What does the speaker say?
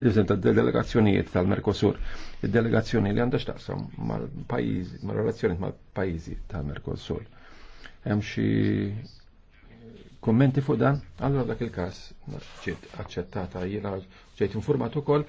Rizenta delegazzjonijiet tal-Merkosur, il-delegazzjoni li għandax taqsam mal-pajizi, mal relazzjoni mal-pajizi tal-Merkosur. Hemm xi kommenti fuq dan, allora dak il-każ ġiet aċċettata jiena ġejt informat ukoll